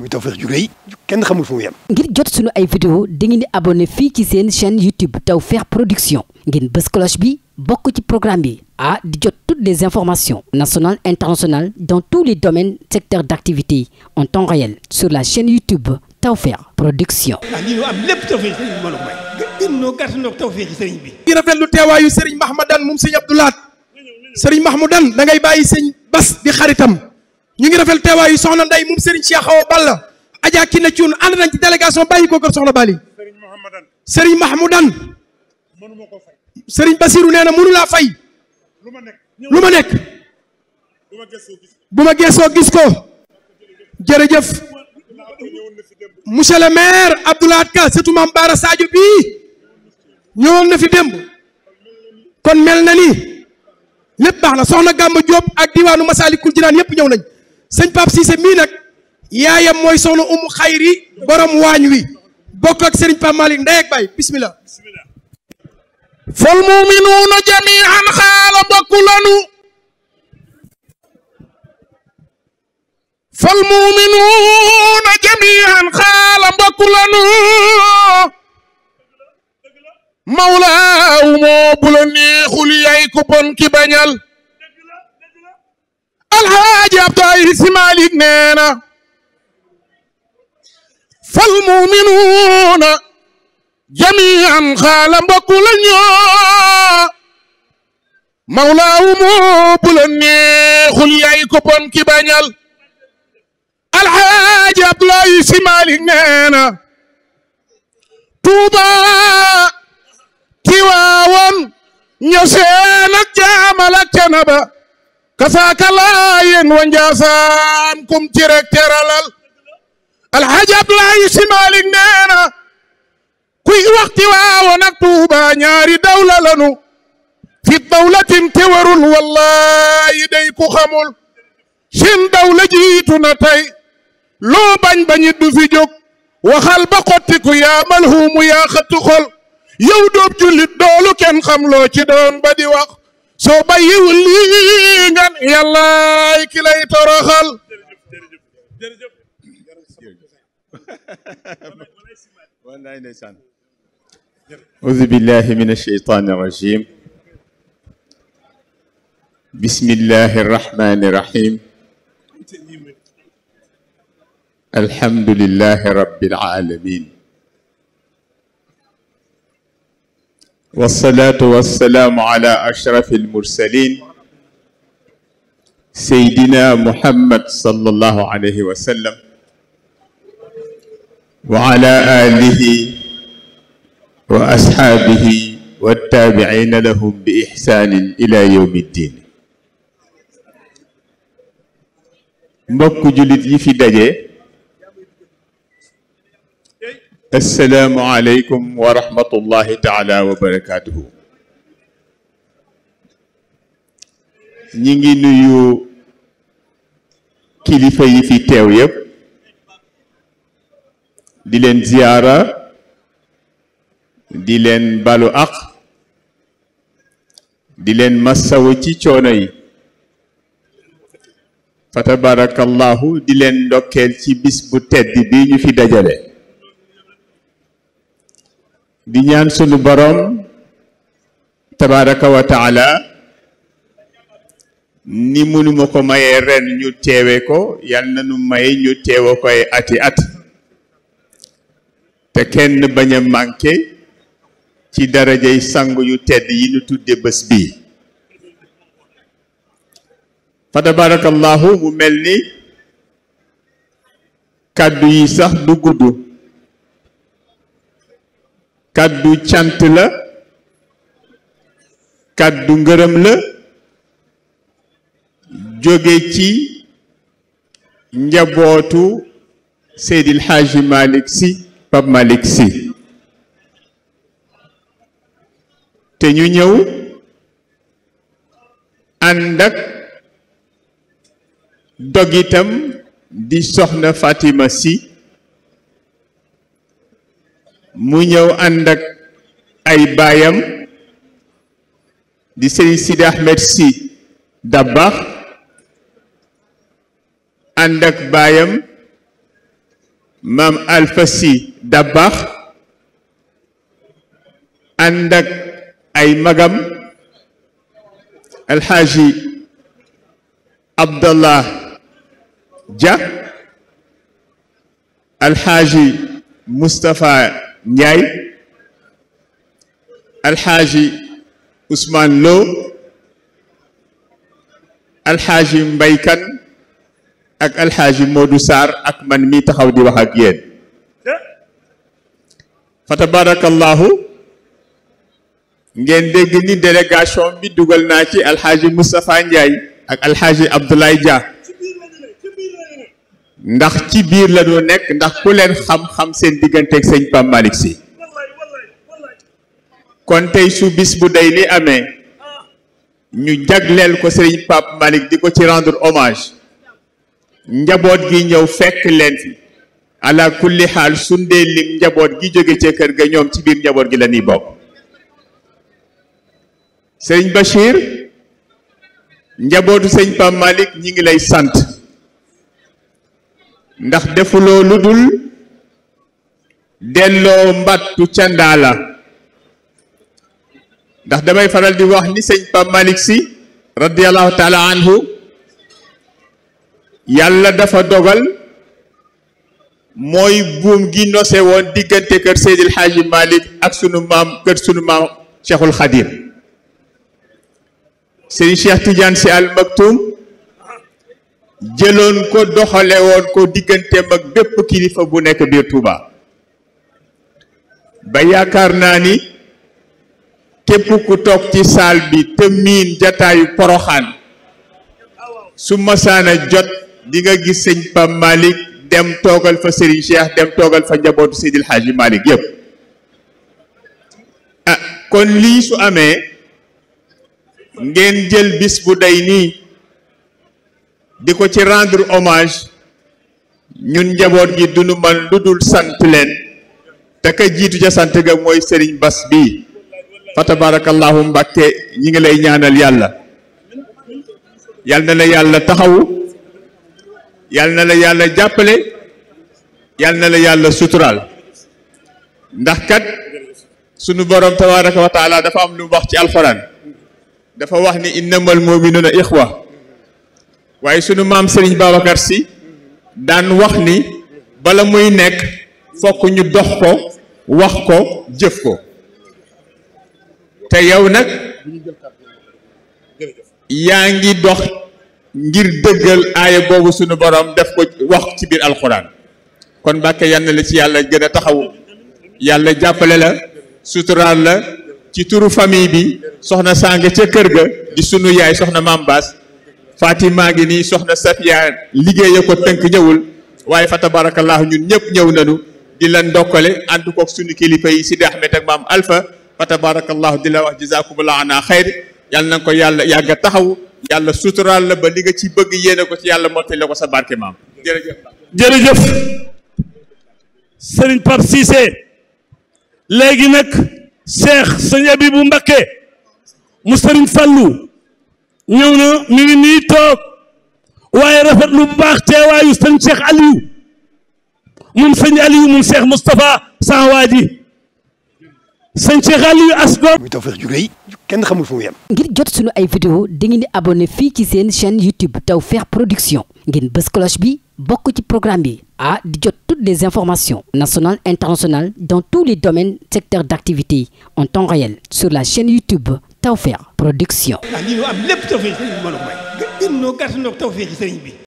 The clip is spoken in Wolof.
muy Tawfekh ju rëy kenn xamul fu mu yem. ngir jot sunu ay vidéo dangeen di abonné fii ci seen chaîne YouTube Tawfekh Production ngeen bës bi bokk ci programme bi ah di jot toutes les informations nationales internationales dans tous les domaines secteurs d'activité en temps réel sur la chaîne YouTube Tawfekh Production. ah lii am lépp Tawfekh sëriñ bi mbooloo teewaayu sëriñ Mahmadan moom sëriñ Abdoulaat sëriñ Mahmoudan da bàyyi sëñ Bas di xaritam. ñu ngi rafetlu teewaayu soxna Ndeye moom Serigne Cheikh Awa Balla Adja Kine Thioune ànd nañ ci délégation bàyyi ko kër soxna Bali. Serigne Mahmoudan. Serigne Basirou nee na mënu laa fay. lu ma nekk. bu ma geesoo gis ko. jërëjëf. monsieur le maire Abdoulaye Ka surtout maam Baara Sadio bii. ñëwoon na fi démb. kon mel na ni. lépp baax na soxna Gamba Diop ak diwaanu Masalikul Jinaan yëpp ñëw nañ. sëñ Pape Cissé mii yaayam mooy soxna umu xayri borom waañ wi bokk ak sëriñ Pape Malick ndey bismillah fal muminuuna jamian xaala lanu fal moo bu la ku bon ki bañal Abdoulaye Si Maalik nee na fal muminuuna jamian xaala mbokku la ñoo mawlaawu moo bu la neexul yaay koppam ki bañal alxaaji Abdoulaye Si Maalik nee na Tuuba Tiwaawoon ñoseen ak jaamal ak canaba kasaaka laa yéen wa njaasaan kum ci rek teralal Si Maalik kuy waxti waawoon ak Tuuba ñaari dawla lanu fi dawlatin te warul wallaahi day ku xamul seen dawla jiitu na tey loo bañ bañit du fi jóg waxal ba xottiku yaa malhuumu yaa xëttu xol yow doob jullit doolu kenn xam loo ci doon ba di wax soo bàyyiwul lii nga yàllaay ki lay toroxal أعوذ بالله من الشيطان الرجيم بسم الله الرحمن الرحيم الحمد لله رب العالمين wasalaatu wasalaamu ala ashrafi almursalin seydina muhammad sallallahu alayhi wa sallam wa ala alihi wa ashaabihi wattaabiciina lahum bi ixsaanin ila yowmi ddin mbokk jullit yi fi daje asalaamualeykum wa rahmatullahi taala wa barakaatuhu ñi ngi nuyu kilifa yi fi teew yépp di leen ziyaara di leen balu aq di leen massawu ci coono yi fa tabarakallahu di leen ndokkeel ci bis bu tedd bi ñu fi dajale di ñaan sunu boroom tabaraka ni mënuma ko mayee ren ñu teewe ko yal na nu may ñu teewe koy ati at te kenn bañ a manqué ci darajay sangu yu tedd yi nu tudde bés bii fa tabarakallahu mu mel ni kàddu yi sax du gudd kàddu cant la kàddu ngërëm la jóge ci njabootu Seydil Hadji Malick Sy Pape Malick Sy te ñu ñëw ànd ak dogitam di soxna Fatima si mu ñëw ànd ak ay baayam di sëriñ Sidi Ahmed si Dabakh ànd ak baayam maam Alpha si Dabakh ànd ak ay magam alxaaji Abdallah Dia alxaaji Moustapha Njaay alxaaji Ousmane Lo alxaaji Mbay ak alxaaji Modou Sarr ak man mi taxaw di wax ak yéen fa tabarakallahu ngeen dégg ni délégation bi dugal naa ci alxaaji Moustapha Ndiaye ak alxaaji Abdoulaye Dia ndax ci biir lañu nekk ndax ku leen xam-xam seen digganteeg sëñ Pape Malick si kon tey su bis bu day li amee ñu jagleel ko sëñ Pape Malick di ko ci rendre hommage njaboot gi ñëw fekk leen fi ala kulli xaal sundee lim njaboot gi jóge ci kër ga ñoom ci biir njaboot gi la ñuy bokk sëñ Bachir njabootu sëñ Pape Malick ñi ngi lay sant ndax defuloo lu dul delloo mbattu candaa la ndax damay faral di wax ni sëñ Pape Malick Sy radiallahu taala anhu yàlla dafa dogal mooy buum gi nose woon diggante kër Seydil Hadji Malick ak sunu maam kër sunu maam Cheikhul Khadim sëñ Cheikh Tidiane Sy Al jëloon ko doxalewoon ko diggante ak bépp kilifa bu nekk biir Touba ba yaakaar naa ni képp ku toog ci saal bi te miin jataayu poroxaan su masaana jot di nga gis sëñ Pam Malick dem toogal fa Serigne Cheikh dem toogal fa njabootu Seydil Hadji Malick yépp ah kon lii su amee ngeen jël bis bu day nii di ko ci rendre hommage ñun njaboot gi duñu man lu dul sant leen te ka jiitu ca sant ga mooy Serigne bas bi fa tabarakallahu Mbàkke ñi ngi lay ñaanal yàlla yal na la yàlla taxawu yal na la yàlla jàppale yal na la yàlla suturaal ndax kat sunu borom tabaraka wa taala dafa am lu mu wax ci alxuraan dafa wax ni innamal mu'minuna ixwa waaye sunu maam sëriñ Babacar Sy daan wax ni bala muy nekk fokk ñu dox ko wax ko jëf ko te yow nag yaa ngi dox ngir dëggal aaya boobu sunu borom def ko wax ci biir alxuraan kon Mbàkke yal na ci yàlla gën a yàlla jàppale la suturaal la ci turu famille bi soxna sàng ca kër ga di sunu yaay soxna maam Baas Fatima ngi nii soxna Safiya liggéeya ko tënk ñëwul waaye fa tabarakallahu ñun ñëpp ñëw nañu di la ndokkale ant kook suñu kilifa yi Sidi Ahmed ak maam Alpha fa tabarakallahu di la wax jazakumullahu ana xayr yàlla na ko yàlla yàgg taxaw yàlla suturaal la ba li nga ci bëgg yéene ko ci yàlla mottali la ko sa barke maam jërëjëf jërëjëf sëriñ Pape Cissé léegi nag Cheikh sëñ Abibou Mbacké mu sëriñ Fallou ñëw na mi ngi nii toog waaye rafet lu baax teewaayu sëñ Cheikh Aliou moom sëñ Aliou moom Cheikh Moustapha san waa ji sëñ Cheikh Aliou Asgor. muy Tawfekh ju rëy kenn ngir jot sunu ay vidéo dangeen di abonné fii ci seen chaîne YouTube Tawfekh Production ngeen bës cloche bi bokk ci programme bi ah di jot toutes les informations nationales internationales dans tous les domaines secteurs d'activité en temps réel sur la chaîne YouTube Tawfekh Production. ah lii am lépp tawfeer ci sëriñ a may. gë gën noo gàtt noo tawfeer ci bi.